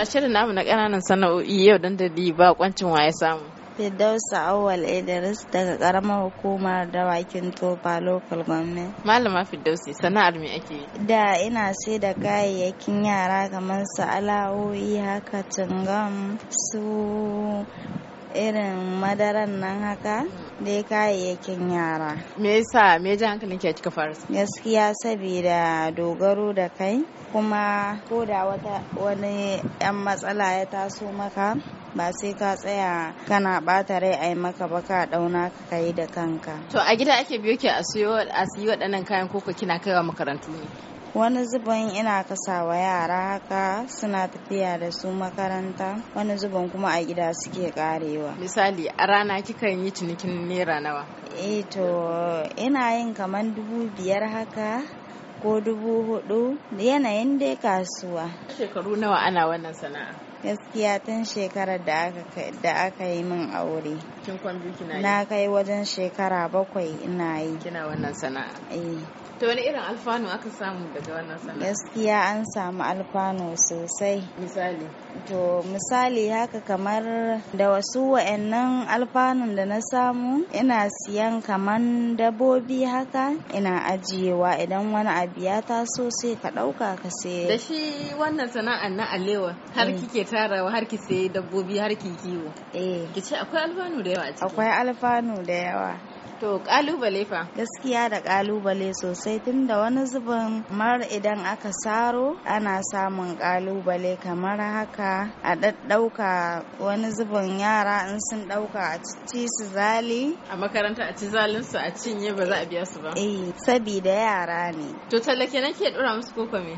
a shirin namu na kananan sana'o'i yau dan ba kwancin waye samu. Firdausa Awal Idris daga karamar hukumar dawakin tofa local government. Malama Firdausi sana'ar me ake yi? Da ina sai da kayayyakin yara kamar su alawoyi haka tungam su irin madaran nan haka ya kayayyakin yara. Me yasa me ji hankalin ke kika fara? Gaskiya saboda dogaro da kai kuma ko da wani yan matsala ya taso maka ba sai ka tsaya kana bata rai ai maka ba ka dauna ka kai da kanka. To a gida ake biyo ki a siyo a siyo waɗannan kayan koko kina kaiwa makarantu ne. wani zubin ina kasawa yara haka suna tafiya da su makaranta wani zubin kuma a gida suke karewa misali a rana kikan yi cinikin naira nawa eh to ina yin kaman dubu biyar haka ko dubu hudu yanayin dai kasuwa shekaru nawa ana wannan sana'a gaskiya tun shekarar da aka yi min aure na kai wajen shekara bakwai ina yi kina wannan sana'a eh. to wani irin alfanu aka samu daga wannan sana'a gaskiya an samu alfanu sosai misali to misali haka kamar da wasu wa'annan alfanun da na samu ina siyan kaman dabobi haka ina ajiyewa idan wani abu ya taso sai ka ɗauka ka sai da shi wannan sana'a na alewa har mm. kike tarawa har ki sai dabbobi har ki kiwo eh ki ce akwai alfanu da yawa akwai alfanu da yawa To kalubale fa? Gaskiya da kalubale sosai tunda wani zubin mar idan aka saro ana samun kalubale kamar haka a ɗaɗɗauka wani zubin yara in sun ɗauka a ci su zali. A makaranta a ci zalin su a cinye ba za a biya su ba. Eh, sabida yara ne. To tallake nake ɗora musu koko me?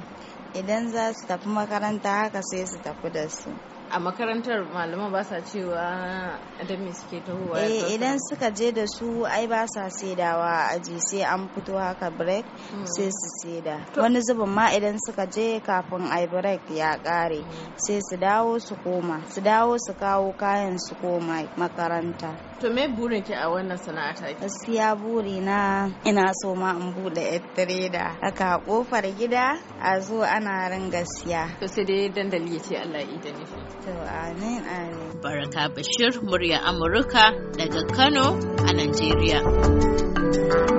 Idan za su tafi makaranta haka sai su tafi da su. a makarantar malaman ba sa cewa da me suke tahowa eh idan suka je da su ai ba sa saidawa aji sai an fito haka break hmm. sai su saida wani zubin ma idan suka je kafin ai break ya kare sai su dawo su koma su dawo su kawo kayan su koma makaranta to me burin ki a wannan sana'a ta gaskiya buri na ina so ma in bude yar trader haka kofar gida a zo ana ran gaskiya to sai dai dandali ya ce Allah ya yi da amin amin. Baraka Bashir murya Amurka daga Kano a Najeriya.